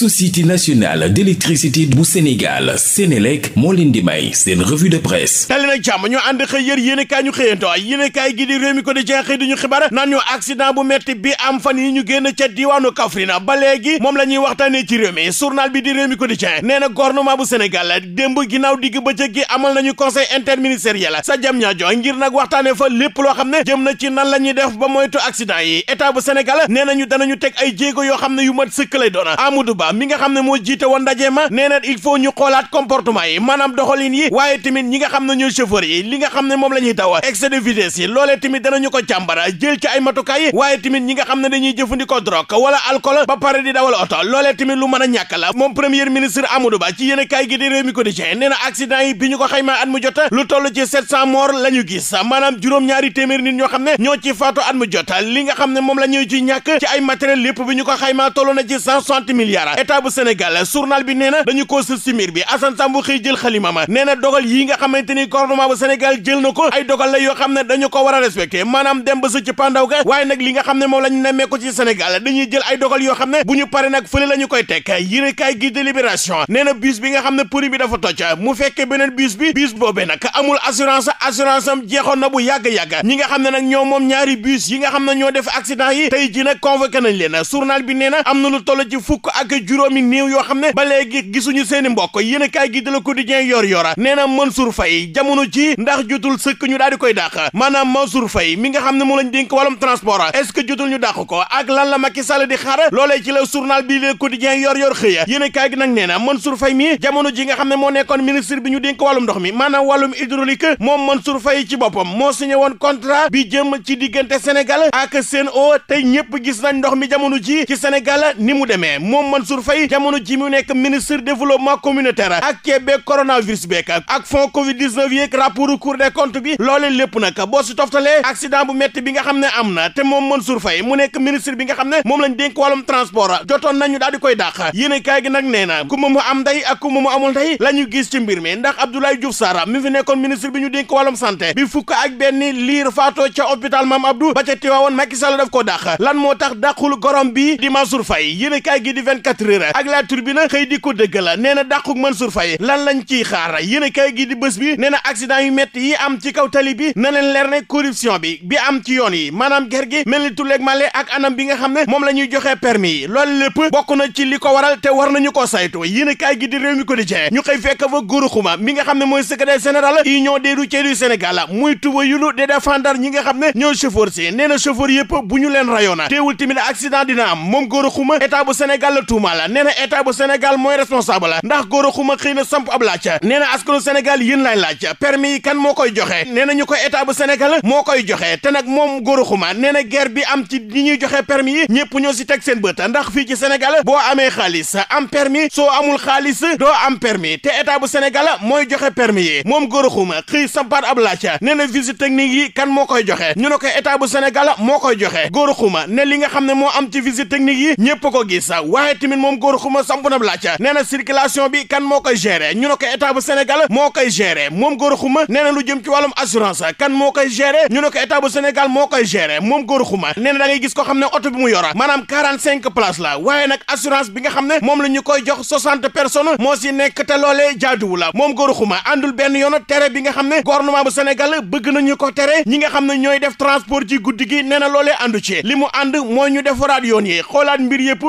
société nationale d'électricité bu Sénégal Sénélec moo leen di may seen revue de presse tali nag jàmm ñu ànd xëy yër yéen i ñu xëyanto yéen i kaay gi di réew mi ko di jeex xëy diñu xibaar naan ñu accident bu metti bi am fan yi ñu génn ca diwaanu Kaffrine ba léegi moom la ñuy waxtaanee ci réew mi journal bi di réew mi ko di jeex nee na gouvernement bu Sénégal démb ginnaaw digg bëccëg gi amal nañu conseil interministériel sa jam ñaajo ngir loo xam ne jëm na ci la ñuy def ba moytu accident yi état bu Sénégal nee nañu danañu ay jéego yoo xam ne yu mat mi nga xam ne moo jiite woon ndaje ma nee na il faut ñu xoolaat comportement yi maanaam doxalin yi waaye tamit ñi nga xam ne ñooy chauffeur yi li nga xam ne moom la ñuy daw excès de vitesse yi loolee tamit danañu ko càmbara jël ci ay matukaay waaye tamit ñi nga xam ne dañuy jëfandikoo drogue wala alcool ba pare dawal oto loolee tamit lu mën a ñàkk la moom premier ministre Amadou Ba ci yéen kaay gi di réew mi quotidien nee na accident yi bi ñu ko xaymaa at jot lu toll ci 700 morts maanaam juróom-ñaari téeméer ñoo xam ne ñoo ci faatu at mu jot li nga xam ne moom la ñuy ñàkk ay matériel lépp bi ñu ko xaymaa toll na ci 160 état bu Sénégal journal bi nee na dañu koo sëf si miir bi Assane Samb xëy jël xalima ma nee na dogal yi nga xamante ni gouvernement bu Sénégal jël na ko ay dogal la yoo xam ne dañu ko war a respecté maanaam dem ba sa ci pandaw ga waaye nag li nga xam ne moom la ñu nemmee ko ci Sénégal dañuy jël ay dogal yoo xam ne bu ñu pare nag fële la koy teg yërekaay gi de Libération nee na bus bi nga xam ne pneu bi dafa toj mu fekkee beneen bus bi bus boobee nag amul assurance assurance am jeexoon na bu yàgg-yàgg ñi nga xam ne nag ñoo moom ñaari bus yi nga xam ne ñoo def accident yi tey ji nag convoqué nañ leen journal bi nee na am na lu toll ci fukk juróomi néew yoo xam ne ba léegi gisuñu seen mbokk yéen a kaay gi de la quotidien yor yora nee na Mansour Faye ji ndax jotul sëkk ñu daal di koy dàq maanaam Mansour Faye mi nga xam ne moo lañ dénk wàllum transport est-ce que jotul ñu dàq ko ak lan la Macky di xaar loolee ci la journal bi le quotidien yor yor xëya yéen kaay gi nag nee na Mansour Faye mi ji nga xam ne moo nekkoon ministre bi ñu dénk wàllum ndox mi maanaam wàllum hydraulique moom Mansour Faye moo signé woon contrat bi jëm ci diggante Sénégal ak Sen'Eau gis nañ ndox mi jamono ji ci Sénégal ni mu demee moom Mansour Faye jamono ji mu nekk ministre développement communautaire ak kebbee coronavirus beek ak fond covid 19 yeeg rapport cour des comptes bi loolee lépp nag boo si toftalee accident bu métti bi nga xam ne am na te moom Mansour Faye mu nekk ministre bi nga xam ne moom lañ dénk wàllum transport jotoon nañu daal koy dàq yéen kaay gi nag nee na ku mu am ndey ak ku mu amul ndey la ñu gis ci mbir mi ndax Abdoulaye Diouf Sarr mi fi nekkoon ministre quatre heures ak xëy di ko dëgg la nee na dàquk lan lañ ciy xaar yéen a kay gi di bés bi nee na accident yu métti yi am ci kaw tali bi na leen bi bi am ci yoon yi maanaam ger gi mel ni tulleeg ak anam bi nga xam ne moom la ñuy joxee permis yi loolu lépp bokk na ci li ko waral te war nañu koo saytu yéen kay gi di ko di cee ñu xëy fekk fa góoru xuma mi nga xam ne mooy secrétaire général union des routiers du Sénégal ñoo chauffeur si nee na chauffeur yëpp bu ñu Fall nee na état bu Sénégal mooy responsable ndax góor a xuma xëy na samp ab laaj nee na askanu Sénégal yéen laay laaj permis yi kan moo koy joxe nee na ñu ko état bu Sénégal moo koy joxe te nag moom góor a xuma nee na guerre bi am ci ñi ñuy joxe permis yi ñëpp ñoo si teg seen bët ndax fii ci Sénégal boo amee xaalis am permis soo amul xaalis doo am permis te état bu Sénégal mooy joxe permis yi moom góor a xuma xëy sampaat ab laaj nee na visite technique yi kan moo koy joxe ñu ne ko état bu Sénégal moo koy joxe góor a xuma ne li nga xam ne moo am ci visite technique yi ñëpp ko gis waaye tamit moom góor xuma samp na laaj nee na bi kan moo koy gérer ñu ne ko état bu Sénégal moo koy gérer moom góor xuma nee na lu jëm ci wàllum assurance kan moo koy gérer ñu ne ko état bu moo koy gérer moom góor xuma nee na da ngay gis ko xam ne oto bi mu yor maanaam quarante cinq places la waaye nag assurance bi nga xam ne moom la ñu koy jox soixante personnes moo si nekk te loolee jaaduwu la moom góor xuma àndul benn yoon tere bi nga xam ne gouvernement bu Sénégal ko tere ñi xam ne ñooy def transport ci guddi gi nee na loolee àndu li mu ànd mooy ñu yoon yi xoolaat mbir yëpp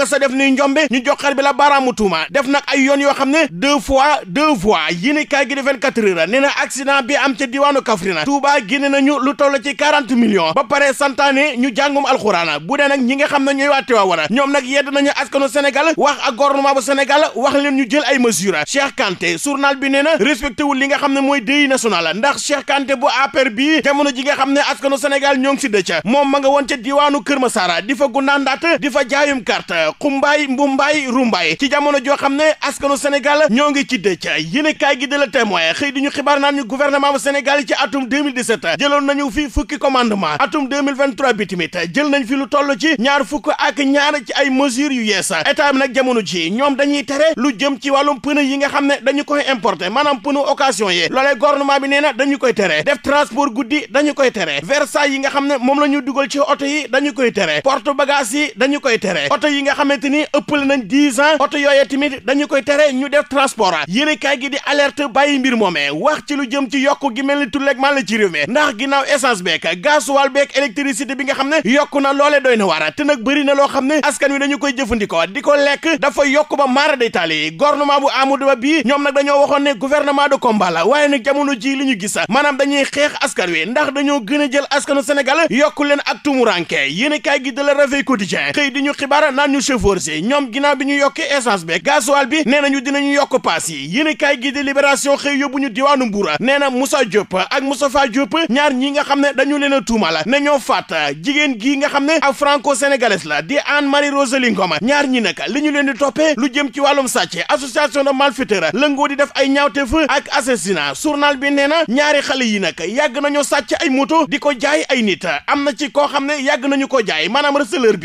nga sa def ni njombe ñu joxar bi la baaraamu tuuma def nag ay yoon yoo xam ne deux fois deux fois yéene kaay gi di 24 heures nee na accident bi am ca diwaanu Kaffrine Touba génne ñu lu toll ci 40 millions ba pare santaane ñu jàngum alxuraana bu dee nag ñi nga xam ne ñooy waa Tiwaawan ñoom nag yedd nañu askanu Sénégal wax a gouvernement bu Sénégal wax leen ñu jël ay mesures Cheikh Kanté journal bi nee na respecté wul li nga xam ne mooy déy national ndax Cheikh Kanté bu APR bi jamono ji nga xam ne askanu Sénégal ñoo ngi si dëcc moom ma nga woon ca diwaanu Kër Masara di fa gundaandaat di fa jaayum carte xumbaay mbumbaay rumbaay ci jamono joo xam ne askanu Sénégal ñoo ngi ci dëcc yéenekaay gi de la témoin xëy di ñu xibaar naan ñu gouvernement bu Sénégal ci atum 2017 jëloon nañu fi fukki commandement atum 2023 bi tamit jël nañ fi lu toll ci ñaar fukk ak ñaar ci ay mesures yu yees état bi nag jamono ji ñoom dañuy tere lu jëm ci wàllum pneu yi nga xam ne dañu koy importer maanaam pneu occasion yi loolee gouvernement bi nee na dañu koy tere def transport guddi dañu koy tere versailles yi nga xam ne moom la ñu dugal ci oto yi dañu koy tere porte bagage yi dañu koy tere xamante ni ëppale nañ dix ans oto yooyee tamit dañu koy tere ñu def transport yéene kaay gi di alerte bàyyi mbir moomee wax ci lu jëm ci yokk gi mel ni tulleeg maa la ci réew mi ndax ginnaaw essence beek gasoil beek électricité bi nga xam ne yokk na loole doy na war te nag bëri na loo xam ne askan wi dañu koy jëfandikoo di ko lekk dafa yokk ba maara day taali gouvernement bu Amadou Ba bii ñoom nag dañoo waxoon ne gouvernement de combat la waaye nag jamono ji li ñu gis maanaam dañuy xeex askan wi ndax dañoo gën a jël askanu Sénégal yokku leen ak tumuranke yéene kaay gi de la Réveil chauffeurs yi ñoom ginnaaw bi ñu yokk essence bi gasoil bi nee nañu dinañu yokk paas yi yéen kaay gi di libération xëy yóbbu ñu diwaanu Mbuur nee na Moussa Diop ak Moustapha Diop ñaar ñi nga xam ne dañu leen a tuumal ne ñoo faat jigéen gii nga xam ne ak franco sénégalaise la di Anne Marie Rosalie Ngom ñaar ñi nag li ñu leen di toppee lu jëm ci wàllum sàcc association de malfaiteurs lëngoo di def ay ñaawteef ak assassinat journal bi nee na ñaari xale yi nag yàgg nañoo sàcc ay moto di ko jaay ay nit am na ci koo xam ne yàgg nañu ko jaay maanaam receleur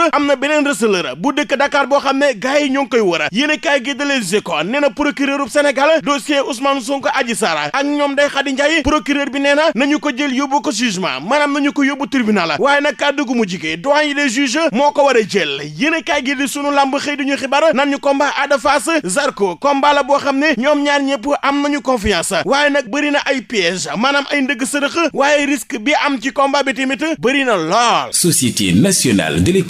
Ndour am na beneen receleur bu dëkk Dakar boo xam ne gars yi ñoo wër yéen a kaay gi dalee Zeko nee na procureur bu Sénégal dossier Ousmane Sonko Adji Sarr ak ñoom day Khady Ndiaye bi nee na nañu ko jël yóbbu ko jugement maanaam nañu ko yóbbu tribunal waaye nag kàddu gu mu jigee doyen des juges moo ko war a jël yéen a kaay gi sunu lamb xëy duñu xibaar nan ñu combat boo xam ne ñoom ñaar ñëpp am nañu confiance waaye nag bëri na ay piège maanaam ay ndëgg sërëx waaye risque bi am ci combat bi tamit bëri na lool société